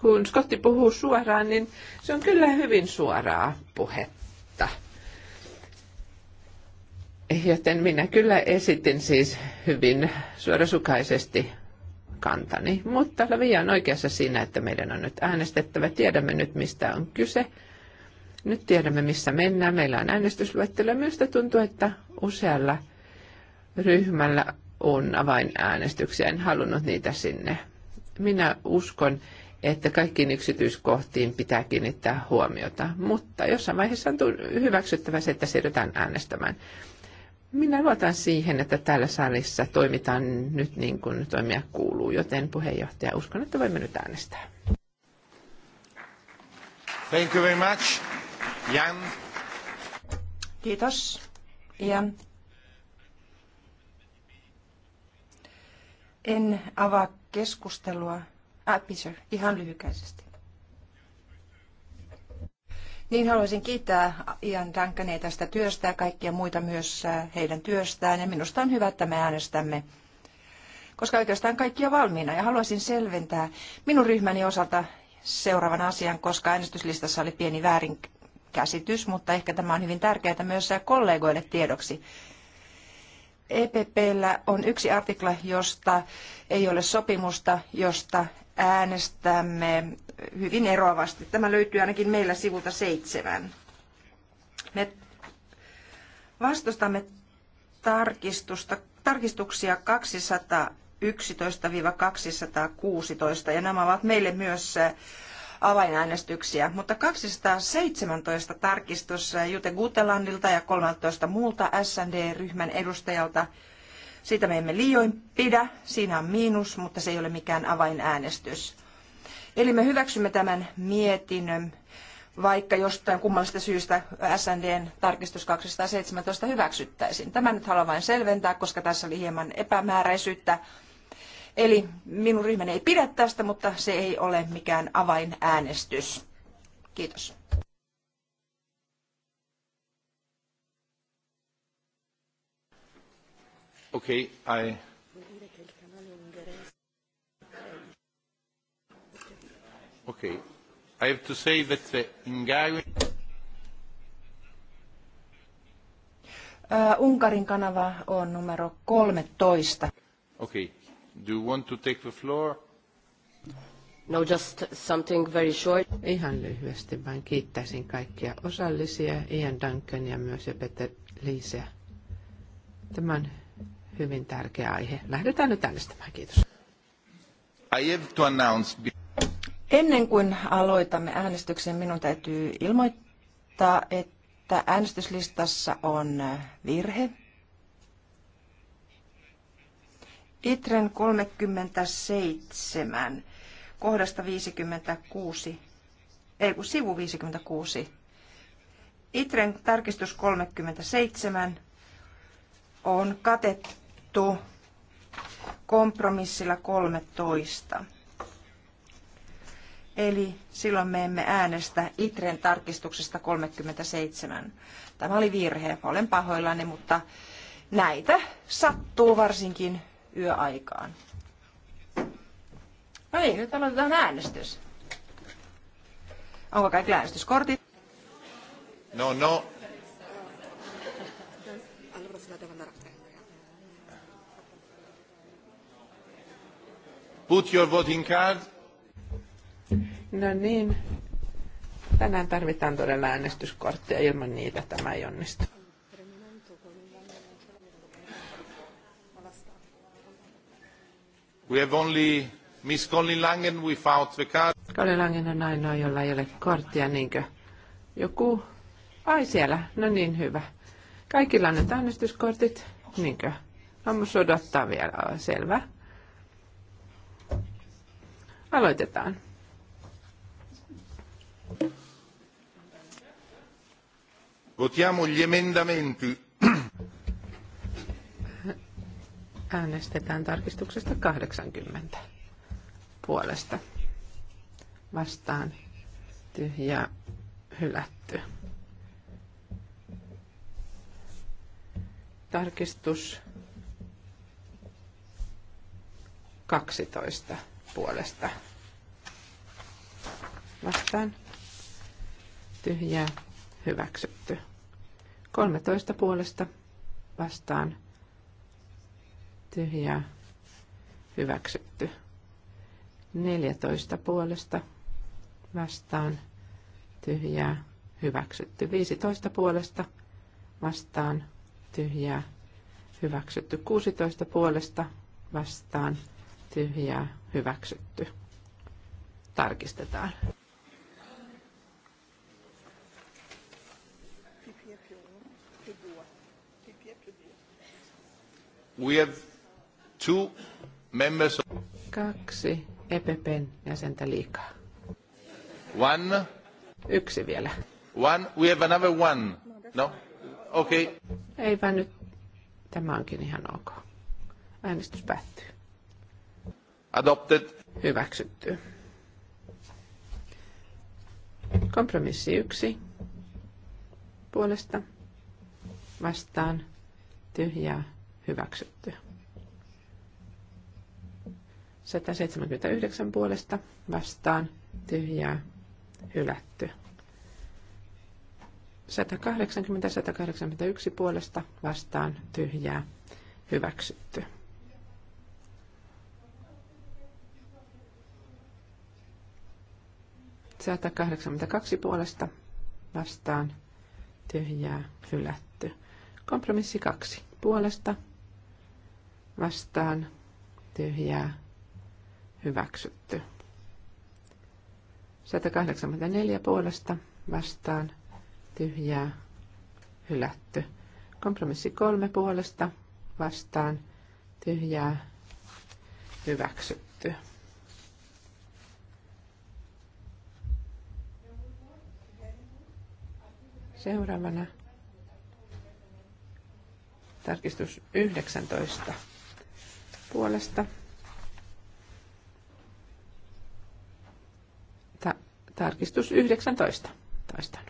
kun Skotti puhuu suoraan, niin se on kyllä hyvin suoraa puhetta. Joten minä kyllä esitin siis hyvin suorasukaisesti kantani, mutta Lavia on oikeassa siinä, että meidän on nyt äänestettävä. Tiedämme nyt, mistä on kyse. Nyt tiedämme, missä mennään. Meillä on äänestysluettelo. Minusta tuntuu, että usealla ryhmällä on avainäänestyksiä. En halunnut niitä sinne. Minä uskon, että kaikkiin yksityiskohtiin pitää kiinnittää huomiota, mutta jossain vaiheessa on hyväksyttävä se, että siirrytään äänestämään. Minä luotan siihen, että täällä salissa toimitaan nyt niin kuin toimia kuuluu, joten puheenjohtaja, uskon, että voimme nyt äänestää. Thank you very much. Jan. Kiitos. Jan. En avaa keskustelua Äh, ihan lyhykäisesti. Niin haluaisin kiittää Ian Duncania tästä työstä ja kaikkia muita myös äh, heidän työstään. Ja minusta on hyvä, että me äänestämme, koska oikeastaan kaikki on valmiina. Ja haluaisin selventää minun ryhmäni osalta seuraavan asian, koska äänestyslistassa oli pieni väärinkäsitys, mutta ehkä tämä on hyvin tärkeää myös kollegoille tiedoksi. EPPllä on yksi artikla, josta ei ole sopimusta, josta äänestämme hyvin eroavasti. Tämä löytyy ainakin meillä sivulta seitsemän. Me vastustamme tarkistusta, tarkistuksia 211-216 ja nämä ovat meille myös avainäänestyksiä, mutta 217 tarkistus Jute Gutelandilta ja 13 muulta SND-ryhmän edustajalta. Siitä me emme liioin pidä, siinä on miinus, mutta se ei ole mikään avainäänestys. Eli me hyväksymme tämän mietinnön, vaikka jostain kummallisesta syystä SNDn tarkistus 217 hyväksyttäisiin. Tämä nyt haluan vain selventää, koska tässä oli hieman epämääräisyyttä Eli minun ryhmäni ei pidä tästä, mutta se ei ole mikään avainäänestys. Kiitos. Okay, I... Okay. I have to say that the Hungarian... Uh, äh, Unkarin kanava on numero 13. Okay. Do you want to take the floor? No, just something very short. Ihan lyhyesti vain kiittäisin kaikkia osallisia, Ian Duncan ja myös Peter Liiseä. Tämä on hyvin tärkeä aihe. Lähdetään nyt äänestämään. Kiitos. I have to announce... Ennen kuin aloitamme äänestyksen, minun täytyy ilmoittaa, että äänestyslistassa on virhe. Itren 37, kohdasta 56, ei kun sivu 56. Itren tarkistus 37 on katettu kompromissilla 13. Eli silloin me emme äänestä Itren tarkistuksesta 37. Tämä oli virhe, olen pahoillani, mutta näitä sattuu varsinkin yöaikaan. No niin, nyt aloitetaan äänestys. Onko kaikki äänestyskortit? No, no. Put your voting card. No niin. Tänään tarvitaan todella äänestyskortteja. Ilman niitä tämä ei onnistu. We have only Miss Colin Langen without the card. Colin Langen on ainoa, jolla ei ole korttia, niinkö? Joku? Ai siellä, no niin hyvä. Kaikilla on nyt äänestyskortit, niinkö? Hammus odottaa vielä, selvä. Aloitetaan. Votiamo gli emendamenti Äänestetään tarkistuksesta 80 puolesta. Vastaan tyhjä hylätty. Tarkistus 12 puolesta. Vastaan tyhjää hyväksytty. 13 puolesta vastaan tyhjää hyväksytty. 14 puolesta vastaan tyhjää hyväksytty. 15 puolesta vastaan tyhjää hyväksytty. 16 puolesta vastaan tyhjää hyväksytty. Tarkistetaan. We have Two members. Kaksi EPPn jäsentä liikaa. One. Yksi vielä. One. We have another one. No? Okay. Eipä nyt. Tämä onkin ihan ok. Äänestys päättyy. Adopted. Hyväksytty. Kompromissi yksi. Puolesta vastaan tyhjää hyväksytty. 179 puolesta vastaan tyhjää hylätty. 180-181 puolesta vastaan tyhjää hyväksytty. Säätä 82 puolesta vastaan tyhjää hylätty. Kompromissi 2 puolesta vastaan tyhjää hyväksytty. 184 puolesta vastaan tyhjää hylätty. Kompromissi kolme puolesta vastaan tyhjää hyväksytty. Seuraavana tarkistus 19 puolesta Tarkistus 19. Toistan.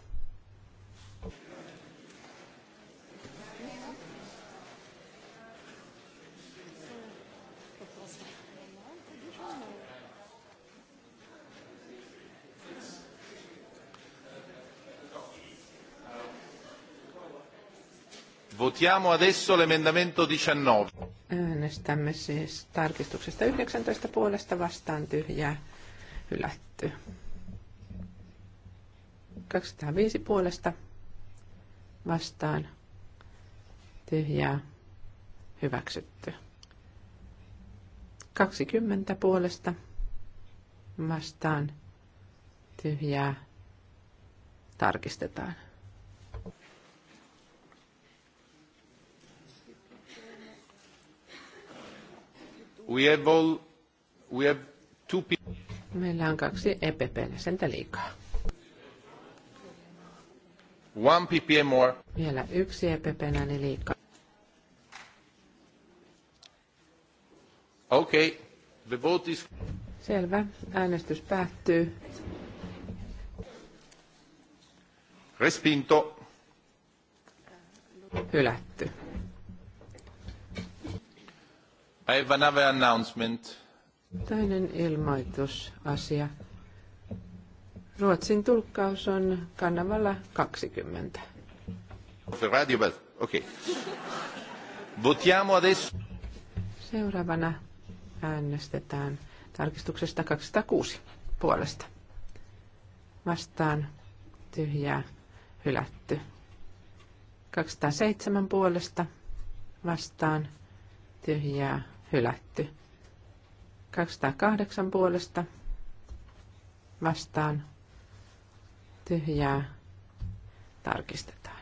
Votiamo adesso l'emendamento 19. Äänestämme siis tarkistuksesta 19 puolesta vastaan tyhjää hylätty. 205 puolesta vastaan tyhjää hyväksytty. 20 puolesta vastaan tyhjää tarkistetaan. We have all, we have two Meillä on kaksi EPP-jäsentä liikaa. One PPA more. Vielä yksi EPPn niin ääni liikaa. Okay. The vote is... Selvä. Äänestys päättyy. Respinto. Hylätty. I have another announcement. Toinen ilmoitusasia. Ruotsin tulkkaus on kanavalla 20. Radio, okay. Votiamo adesso. Seuraavana äänestetään tarkistuksesta 206 puolesta. Vastaan tyhjää hylätty. 207 puolesta vastaan tyhjää hylätty. 208 puolesta vastaan tyhjää tarkistetaan.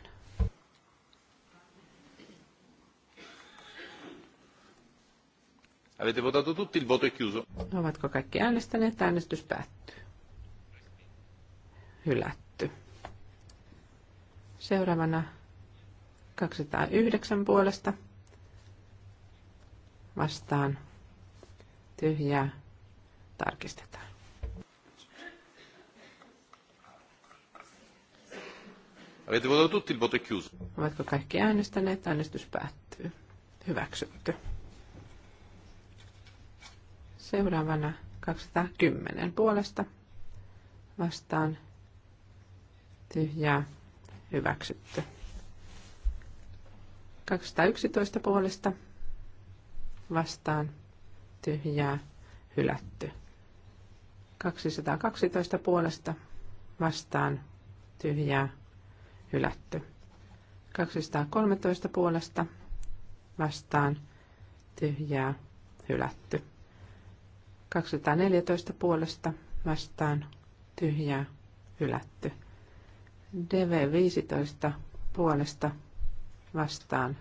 Avete votato tutti, il voto è chiuso. Ovatko kaikki äänestäneet? Äänestys päättyy. Hylätty. Seuraavana 209 puolesta vastaan tyhjää tarkistetaan. Avete votato tutti, il voto è chiuso. Ovatko kaikki äänestäneet? Äänestys päättyy. Hyväksytty. Seuraavana 210 puolesta vastaan tyhjää hyväksytty. 211 puolesta vastaan tyhjää hylätty. 212 puolesta vastaan tyhjää hylätty. 213 puolesta vastaan tyhjää hylätty. 214 puolesta vastaan tyhjää hylätty. DV15 puolesta vastaan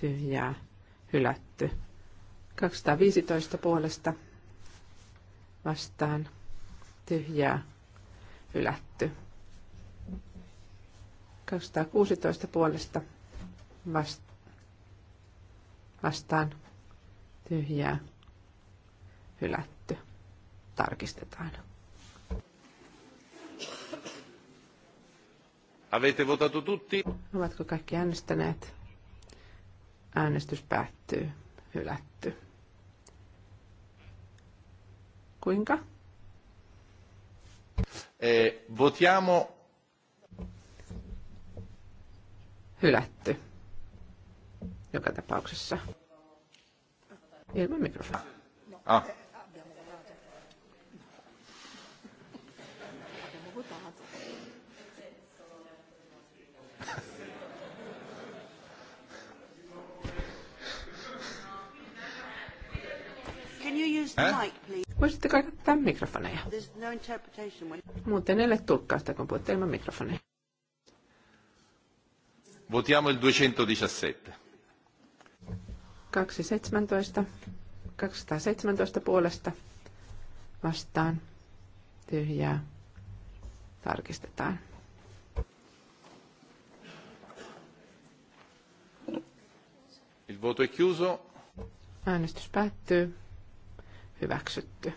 tyhjää hylätty. 215 puolesta vastaan tyhjää hylätty. 216 puolesta vastaan tyhjää hylätty. Tarkistetaan. Avete votato tutti? Ovatko kaikki äänestäneet? Äänestys päättyy. Hylätty. Kuinka? Eh, votiamo hylätty joka tapauksessa. Ilman mikrofonia. Ah. Can you use the Voisitteko käyttää mikrofoneja? No Muuten ei ole tulkkausta, kun puhutte ilman mikrofoneja. Votiamo il 217. 217. 217 puolesta vastaan tyhjää tarkistetaan. Il voto è chiuso. Äänestys päättyy. Hyväksytty.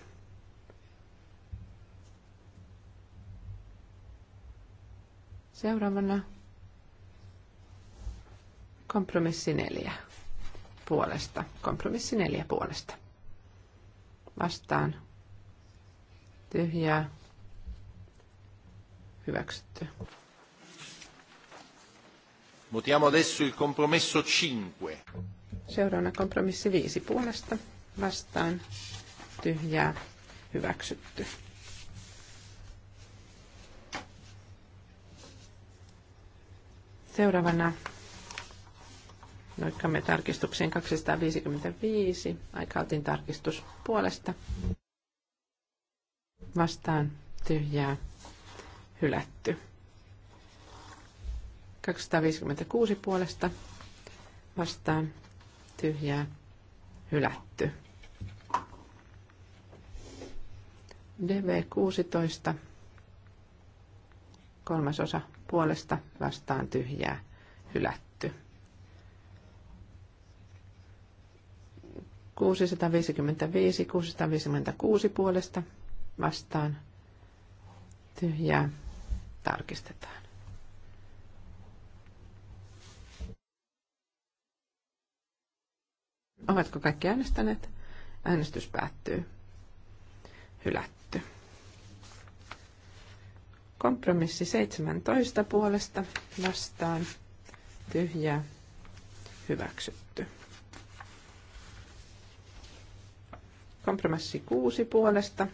Seuraavana Kompromissi neljä puolesta. Kompromissi neljä puolesta. Vastaan. Tyhjää. Hyväksytty. Votiamo adesso il compromesso 5. Seuraavana kompromissi 5 puolesta. Vastaan. Tyhjää. Hyväksytty. Seuraavana Noikkamme tarkistukseen 255. Aikautin tarkistus puolesta. Vastaan tyhjää hylätty. 256 puolesta vastaan tyhjää hylätty. DV16 kolmasosa puolesta vastaan tyhjää hylätty. 655, 656 puolesta vastaan tyhjää tarkistetaan. Ovatko kaikki äänestäneet? Äänestys päättyy. Hylätty. Kompromissi 17 puolesta vastaan tyhjää hyväksytty. Kompromissi kuusi puolesta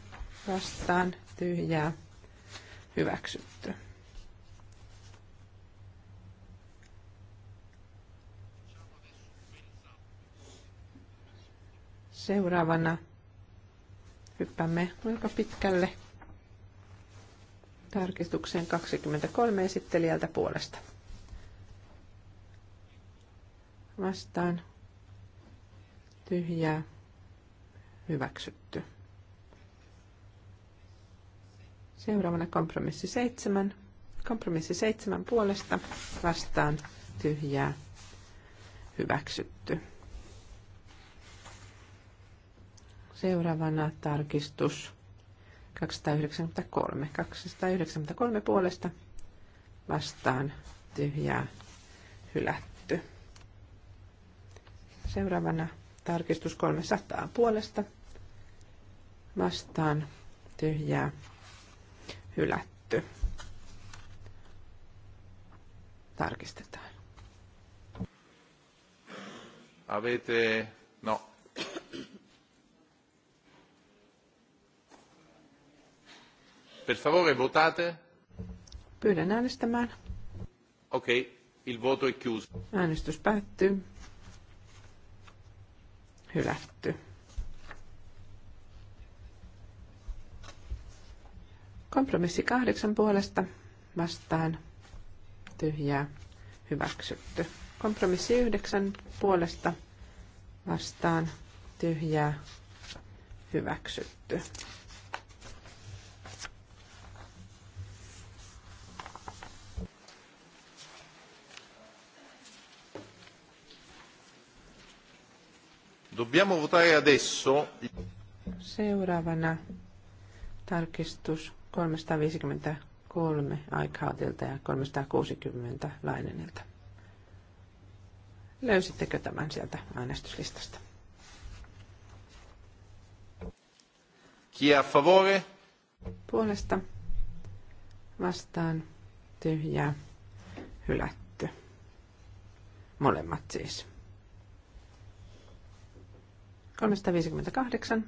vastaan tyhjää hyväksytty. Seuraavana hyppämme aika pitkälle tarkistukseen 23 esittelijältä puolesta. Vastaan tyhjää Hyväksytty. Seuraavana kompromissi seitsemän. Kompromissi seitsemän puolesta vastaan tyhjää hyväksytty. Seuraavana tarkistus 293. 293 puolesta vastaan tyhjää hylätty. Seuraavana tarkistus 300 puolesta vastaan tyhjää hylätty. Tarkistetaan. Avete... No. Per favore, votate. Pyydän äänestämään. Okei, okay. il voto è chiuso. Äänestys päättyy. Hylätty. Kompromissi kahdeksan puolesta vastaan tyhjää hyväksytty. Kompromissi yhdeksän puolesta vastaan tyhjää hyväksytty. Dobbiamo votare adesso. Seuraavana tarkistus 353 Aikhautilta ja 360 Lainenilta. Löysittekö tämän sieltä äänestyslistasta? Chi a favore? Puolesta vastaan tyhjää hylätty. Molemmat siis. 358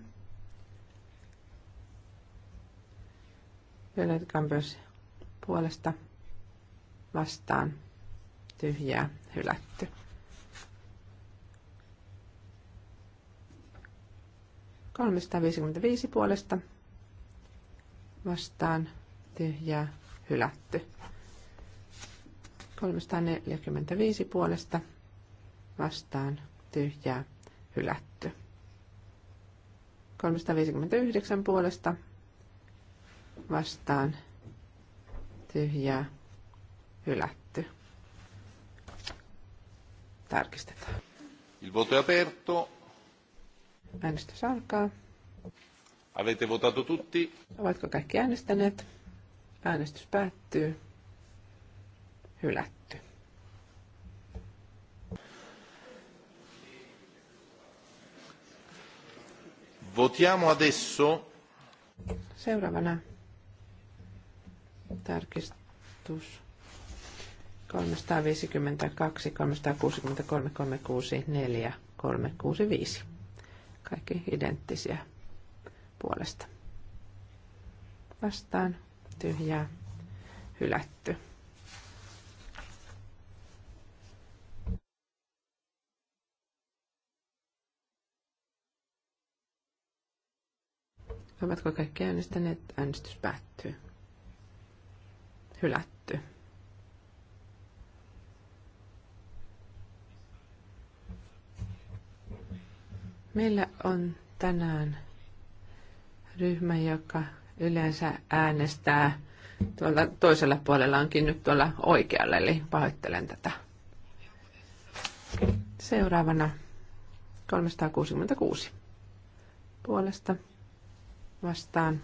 Violet Campers puolesta vastaan tyhjää hylätty. viisi puolesta vastaan tyhjää hylätty. 345 puolesta vastaan tyhjää hylätty. 359 puolesta vastaan tyhjää hylätty. Tarkistetaan. Il voto è aperto. Äänestys alkaa. Avete votato tutti? Ovatko kaikki äänestäneet? Äänestys päättyy. Hylätty. Votiamo adesso. Seuraavana Tarkistus 352, 363, 364, 365. Kaikki identtisiä puolesta. Vastaan tyhjää hylätty. Ovatko kaikki äänestäneet? Äänestys päättyy hylätty. Meillä on tänään ryhmä, joka yleensä äänestää tuolla toisella puolella onkin nyt tuolla oikealla, eli pahoittelen tätä. Seuraavana 366 puolesta vastaan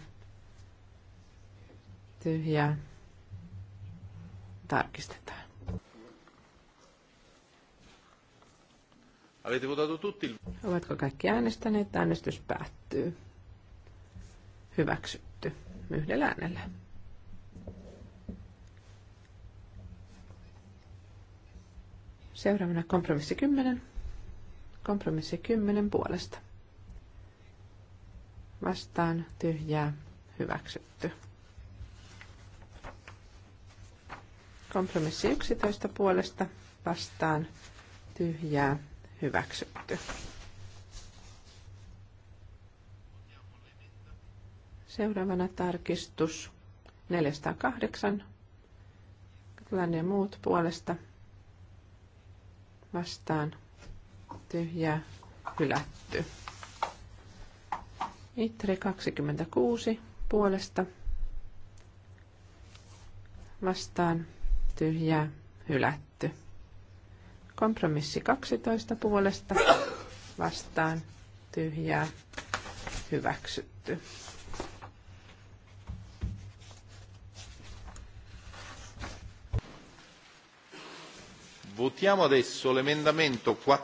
tyhjää tarkistetaan. Ovatko kaikki äänestäneet? Äänestys päättyy. Hyväksytty. Yhdellä äänellä. Seuraavana kompromissi 10. Kompromissi 10 puolesta. Vastaan tyhjää hyväksytty. Kompromissi 11 puolesta vastaan tyhjää hyväksytty. Seuraavana tarkistus 408. Länne muut puolesta vastaan tyhjää hylätty. Itre 26 puolesta vastaan tyhjää, hylätty. Kompromissi 12 puolesta vastaan tyhjää, hyväksytty. Votiamo adesso l'emendamento 4.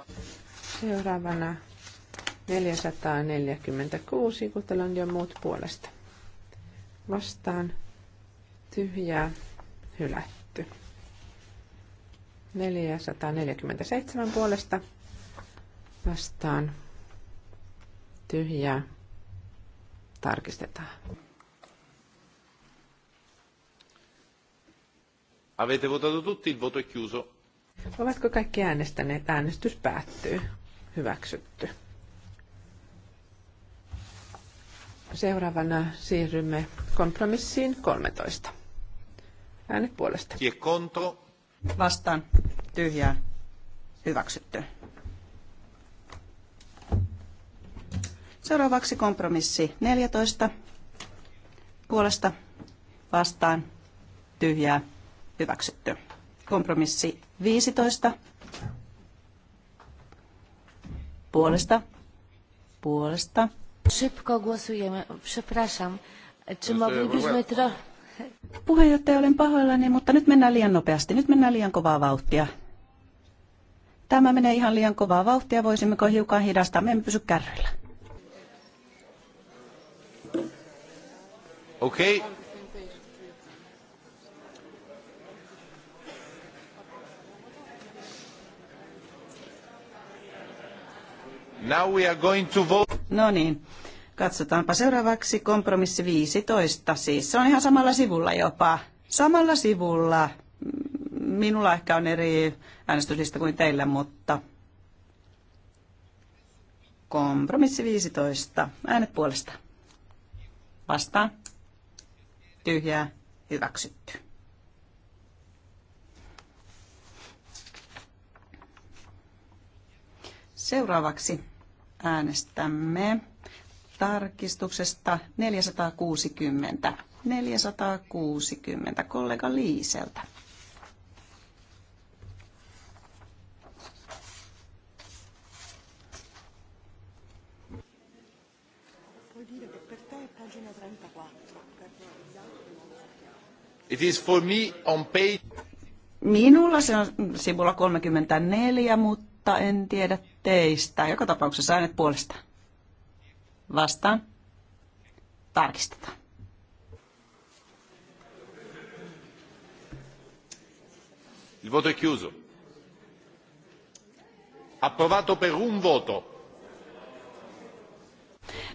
Seuraavana 446, Kutelon ja muut puolesta. Vastaan tyhjää hylätty hylätty. 447 puolesta vastaan tyhjää tarkistetaan. Avete votato tutti, il voto è chiuso. Ovatko kaikki äänestäneet? Äänestys päättyy. Hyväksytty. Seuraavana siirrymme kompromissiin 13. Äänet puolesta. Vastaan. Tyhjää. Hyväksytty. Seuraavaksi kompromissi 14. Puolesta vastaan tyhjää hyväksytty. Kompromissi 15. Puolesta. Puolesta. Szybko głosujemy. Przepraszam. Czy moglibyśmy trochę... Puheenjohtaja, olen pahoillani, mutta nyt mennään liian nopeasti. Nyt mennään liian kovaa vauhtia. Tämä menee ihan liian kovaa vauhtia. Voisimmeko hiukan hidastaa? Me emme pysy kärryillä. Okei. Okay. Now we are going to vote. No niin. Katsotaanpa seuraavaksi kompromissi 15, siis se on ihan samalla sivulla jopa. Samalla sivulla. Minulla ehkä on eri äänestyslista kuin teillä, mutta kompromissi 15. Äänet puolesta. Vastaan. Tyhjää. Hyväksytty. Seuraavaksi äänestämme tarkistuksesta 460. 460 kollega Liiseltä. It is for me on page... Minulla se on sivulla 34, mutta en tiedä teistä. Joka tapauksessa äänet puolestaan vastaan. Tarkistetaan. Il voto è chiuso. Approvato per un voto.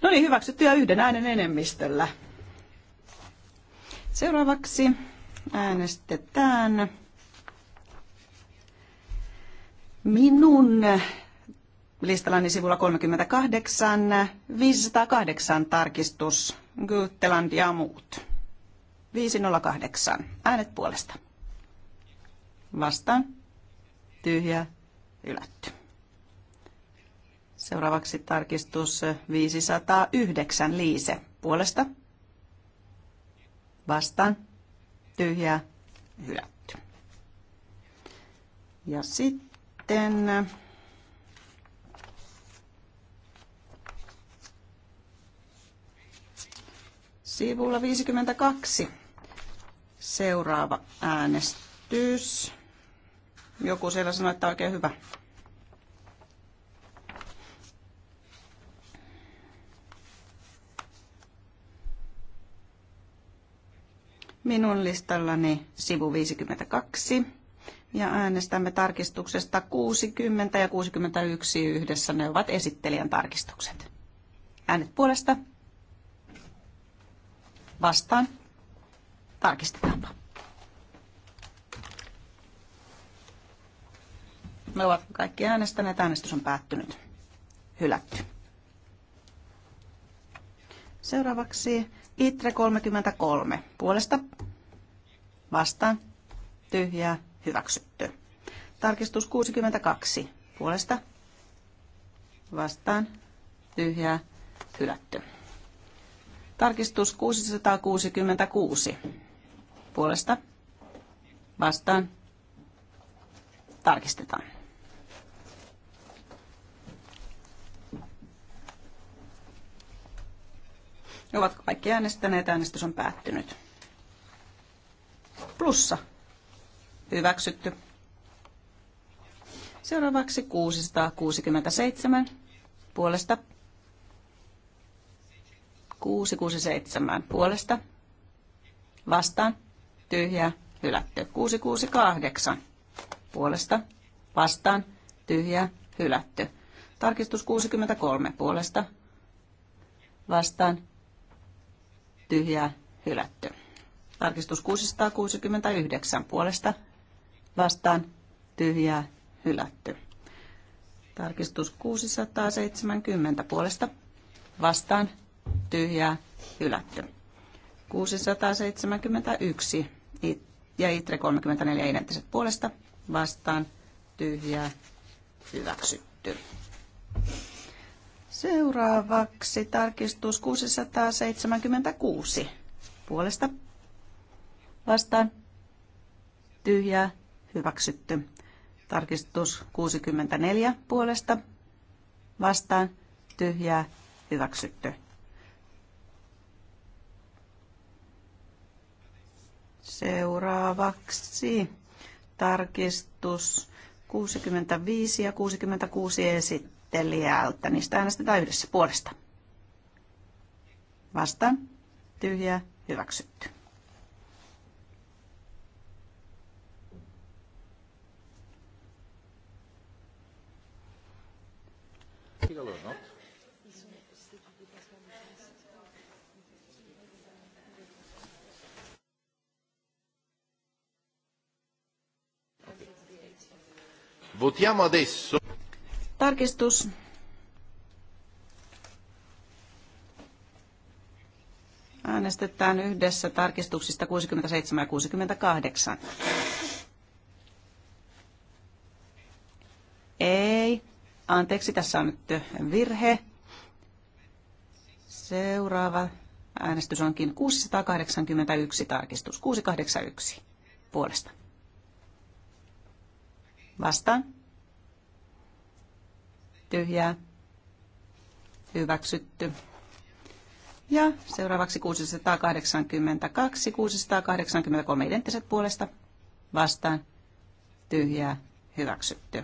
No niin, hyväksyttyä yhden äänen enemmistöllä. Seuraavaksi äänestetään minun listallani niin sivulla 38, 508 tarkistus, Gutteland ja muut. 508. Äänet puolesta. Vastaan. Tyhjä. Ylätty. Seuraavaksi tarkistus 509 Liise. Puolesta. Vastaan. Tyhjä. Hylätty. Ja sitten Sivulla 52. Seuraava äänestys. Joku siellä sanoi, että oikein hyvä. Minun listallani sivu 52 ja äänestämme tarkistuksesta 60 ja 61 yhdessä. Ne ovat esittelijän tarkistukset. Äänet puolesta vastaan. Tarkistetaanpa. Me ovat kaikki äänestäneet. Äänestys on päättynyt. Hylätty. Seuraavaksi ITRE 33. Puolesta vastaan. Tyhjää. Hyväksytty. Tarkistus 62. Puolesta vastaan. Tyhjää. Hylätty. Tarkistus 666 puolesta vastaan tarkistetaan. Ovatko kaikki äänestäneet? Äänestys on päättynyt. Plussa. Hyväksytty. Seuraavaksi 667 puolesta 667 puolesta. Vastaan. Tyhjää. Hylätty. 668 puolesta. Vastaan. Tyhjää. Hylätty. Tarkistus 63 puolesta. Vastaan. Tyhjää. Hylätty. Tarkistus 669 puolesta. Vastaan. Tyhjää. Hylätty. Tarkistus 670 puolesta. Vastaan tyhjää hylätty. 671 ja ITRE 34 identtiset puolesta vastaan tyhjää hyväksytty. Seuraavaksi tarkistus 676 puolesta vastaan tyhjää hyväksytty. Tarkistus 64 puolesta vastaan tyhjää hyväksytty. Seuraavaksi tarkistus 65 ja 66 esittelijältä. Niistä äänestetään yhdessä puolesta. Vastaan. Tyhjä. Hyväksytty. Votiamo adesso. Tarkistus. Äänestetään yhdessä tarkistuksista 67 ja 68. Ei. Anteeksi, tässä on nyt virhe. Seuraava äänestys onkin 681 tarkistus. 681 puolesta. Vastaan. Tyhjää. Hyväksytty. Ja seuraavaksi 682, 683 identtiset puolesta vastaan, tyhjää, hyväksytty.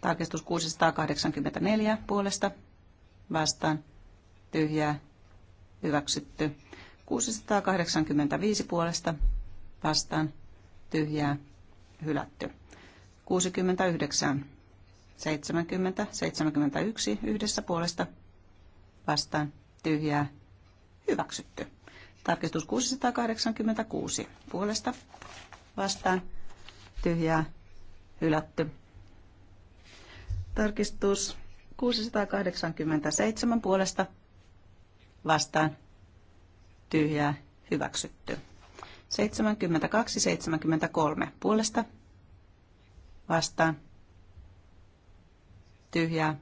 Tarkistus 684 puolesta vastaan, tyhjää, hyväksytty. 685 puolesta vastaan, tyhjää, hylätty. 69, 70, 71 yhdessä puolesta vastaan tyhjää hyväksytty. Tarkistus 686 puolesta vastaan tyhjää hylätty. Tarkistus 687 puolesta vastaan tyhjää hyväksytty. 72-73 puolesta vastaan tyhjää.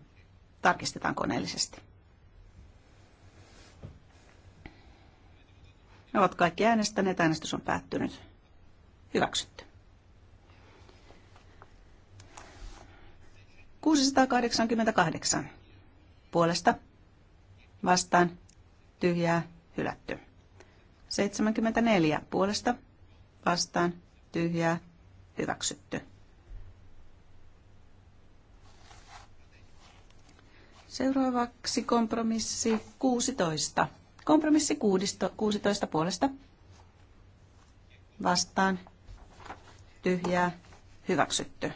Tarkistetaan koneellisesti. Ne ovat kaikki äänestäneet. Äänestys on päättynyt. Hyväksytty. 688. Puolesta. Vastaan. Tyhjää. Hylätty. 74. Puolesta. Vastaan. Tyhjää. Hyväksytty. Seuraavaksi kompromissi 16. Kompromissi 16, 16 puolesta. Vastaan. Tyhjää. Hyväksytty.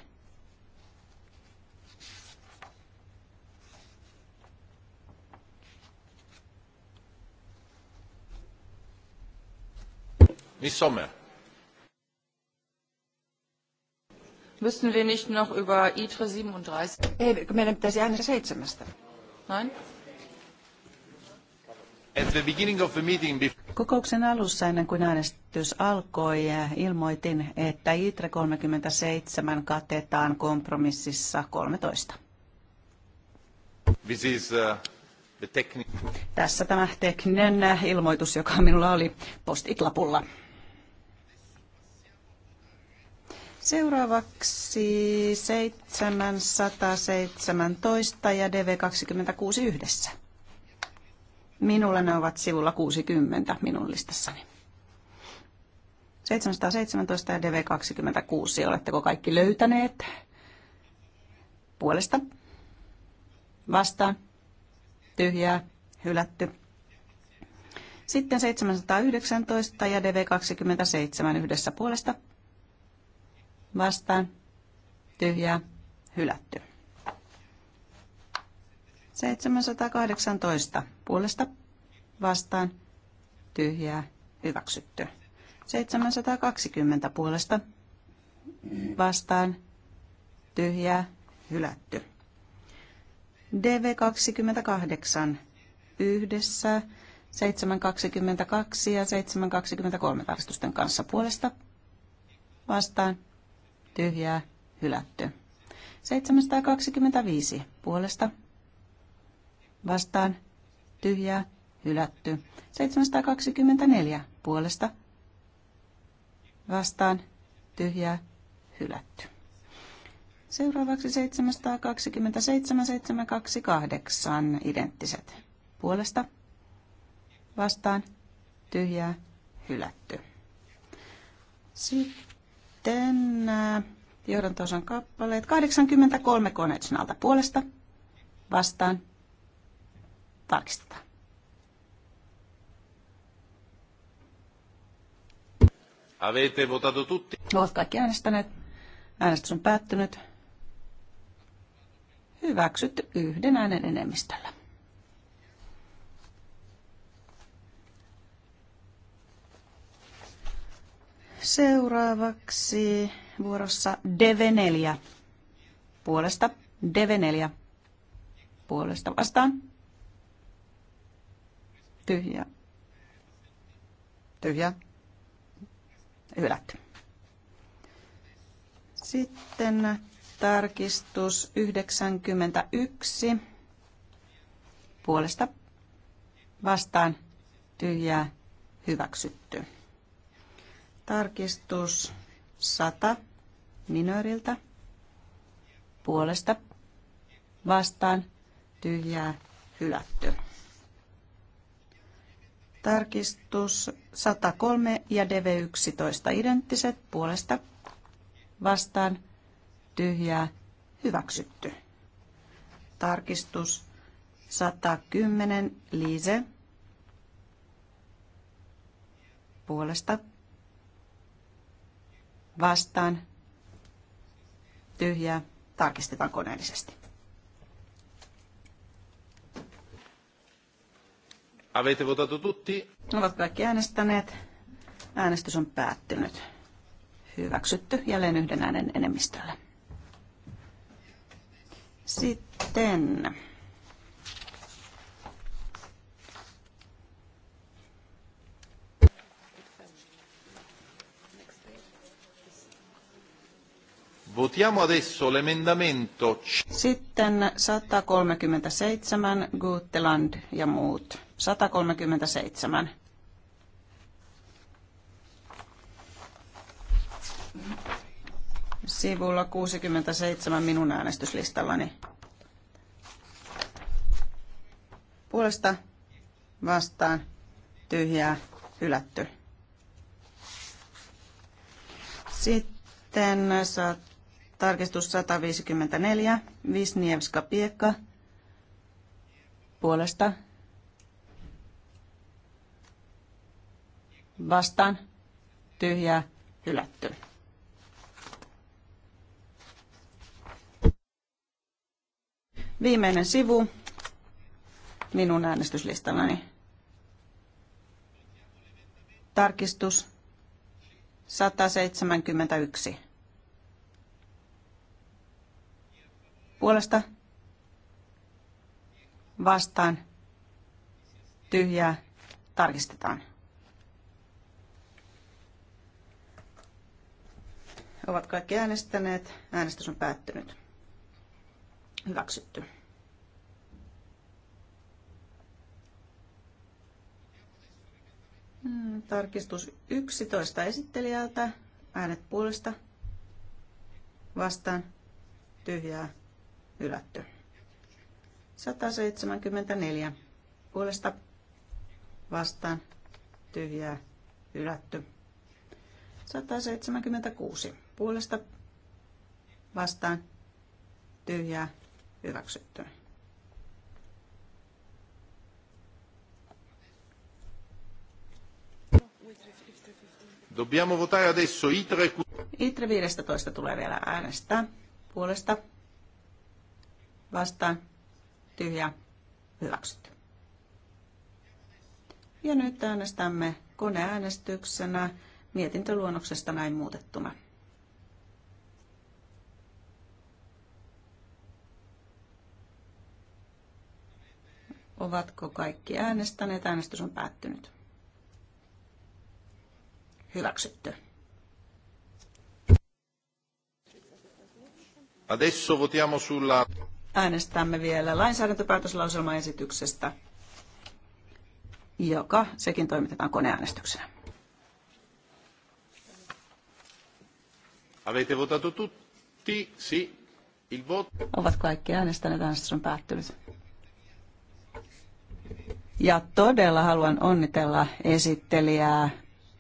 Miss Sommer. Müssen wir nicht noch über ITRE 37? Ei, meidän pitäisi Nein? Kokouksen alussa ennen kuin äänestys alkoi ilmoitin, että ITRE 37 katetaan kompromississa 13. This is, uh, Tässä tämä tekninen äh, ilmoitus, joka minulla oli postitlapulla. lapulla Seuraavaksi 717 ja DV26 yhdessä. Minulla ne ovat sivulla 60 minun listassani. 717 ja DV26, oletteko kaikki löytäneet? Puolesta. Vastaan. Tyhjää. Hylätty. Sitten 719 ja DV27 yhdessä puolesta vastaan tyhjää hylätty. 718 puolesta vastaan tyhjää hyväksytty. 720 puolesta vastaan tyhjää hylätty. DV28 yhdessä 722 ja 723 tarkistusten kanssa puolesta vastaan tyhjää, hylätty. 725 puolesta vastaan tyhjää, hylätty. 724 puolesta vastaan tyhjää, hylätty. Seuraavaksi 727, 728 identtiset. Puolesta vastaan tyhjää, hylätty. Sitten sitten äh, johdantosan kappaleet. 83 Konechnalta puolesta vastaan. Tarkistetaan. Avete votato tutti? Ovat kaikki äänestäneet. Äänestys on päättynyt. Hyväksytty yhden äänen enemmistöllä. Seuraavaksi vuorossa DV4 puolesta. DV4 puolesta vastaan. Tyhjä. Tyhjä. Hylätty. Sitten tarkistus 91 puolesta vastaan tyhjää hyväksytty. Tarkistus 100 minööriltä puolesta vastaan tyhjää hylätty. Tarkistus 103 ja DV11 identtiset puolesta vastaan tyhjää hyväksytty. Tarkistus 110 Liise puolesta vastaan, tyhjää, tarkistetaan koneellisesti. Avete votato tutti? Ovat kaikki äänestäneet. Äänestys on päättynyt. Hyväksytty jälleen yhden äänen enemmistöllä. Sitten Votiamo adesso l'emendamento... Sitten 137, Gutteland ja muut. 137. Sivulla 67 minun äänestyslistallani. Puolesta vastaan tyhjää hylätty. Sitten 100 Tarkistus 154. Visnievska Piekka puolesta. Vastaan. Tyhjää. Hylätty. Viimeinen sivu minun äänestyslistallani. Tarkistus 171. puolesta vastaan tyhjää tarkistetaan. Ovat kaikki äänestäneet. Äänestys on päättynyt. Hyväksytty. Hmm, tarkistus 11 esittelijältä. Äänet puolesta. Vastaan. Tyhjää hylätty. 174 puolesta vastaan tyhjää hylätty. 176 puolesta vastaan tyhjää hyväksytty. Dobbiamo votare adesso ITRE. ITRE 15 tulee vielä äänestää puolesta vastaan, tyhjä, hyväksytty. Ja nyt äänestämme koneäänestyksenä mietintöluonnoksesta näin muutettuna. Ovatko kaikki äänestäneet? Äänestys on päättynyt. Hyväksytty. Adesso votiamo sulla äänestämme vielä lainsäädäntöpäätöslauselmaesityksestä, joka sekin toimitetaan koneäänestyksenä. Avete votato tutti? Sì. Il voto. Ovat kaikki äänestäneet, äänestys on päättynyt. Ja todella haluan onnitella esittelijää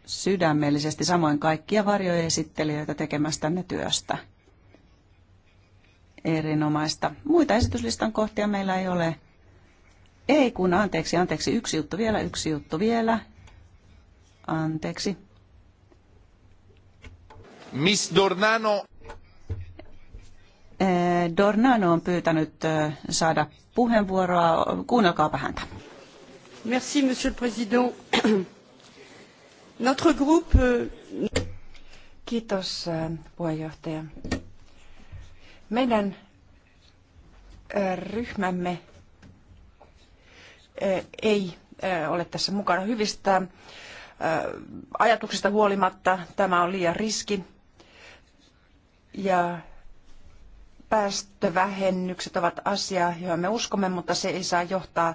sydämellisesti, samoin kaikkia varjoesittelijöitä tekemästänne työstä. Erinomaista. Muita esityslistan kohtia meillä ei ole. Ei kun, anteeksi, anteeksi, yksi juttu vielä, yksi juttu vielä. Anteeksi. Miss Dornano. Eh, Dornano on pyytänyt eh, saada puheenvuoroa. Kuunnelkaapa häntä. Merci, monsieur le président. Notre groupe... Eh, Kiitos, puheenjohtaja. Meidän ryhmämme ei ole tässä mukana hyvistä ajatuksista huolimatta. Tämä on liian riski ja päästövähennykset ovat asia, johon me uskomme, mutta se ei saa johtaa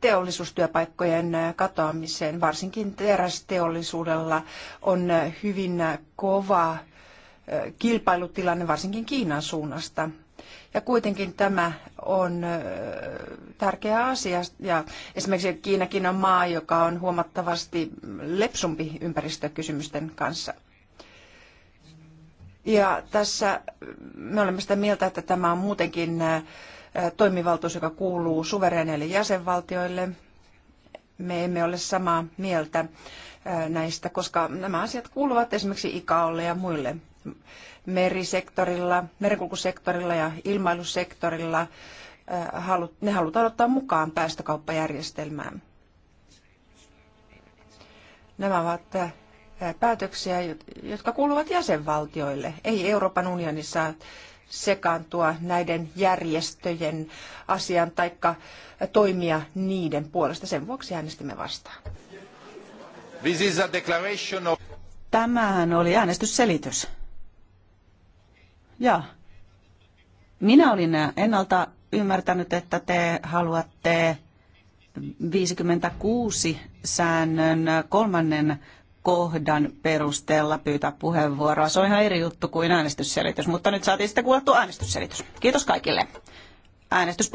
teollisuustyöpaikkojen katoamiseen. Varsinkin terästeollisuudella on hyvin kova kilpailutilanne varsinkin Kiinan suunnasta. Ja kuitenkin tämä on tärkeä asia. Ja esimerkiksi Kiinakin on maa, joka on huomattavasti lepsumpi ympäristökysymysten kanssa. Ja tässä me olemme sitä mieltä, että tämä on muutenkin toimivaltuus, joka kuuluu suvereeneille jäsenvaltioille. Me emme ole samaa mieltä näistä, koska nämä asiat kuuluvat esimerkiksi ICAOlle ja muille merisektorilla, merenkulkusektorilla ja ilmailusektorilla, äh, ne halutaan ottaa mukaan päästökauppajärjestelmään. Nämä ovat äh, päätöksiä, jotka kuuluvat jäsenvaltioille. Ei Euroopan unionissa sekaantua näiden järjestöjen asian tai äh, toimia niiden puolesta. Sen vuoksi äänestimme vastaan. This is a declaration of... Tämähän oli äänestysselitys. Ja minä olin ennalta ymmärtänyt, että te haluatte 56 säännön kolmannen kohdan perusteella pyytää puheenvuoroa. Se on ihan eri juttu kuin äänestysselitys, mutta nyt saatiin sitten kuultu äänestysselitys. Kiitos kaikille. Äänestys päättyy.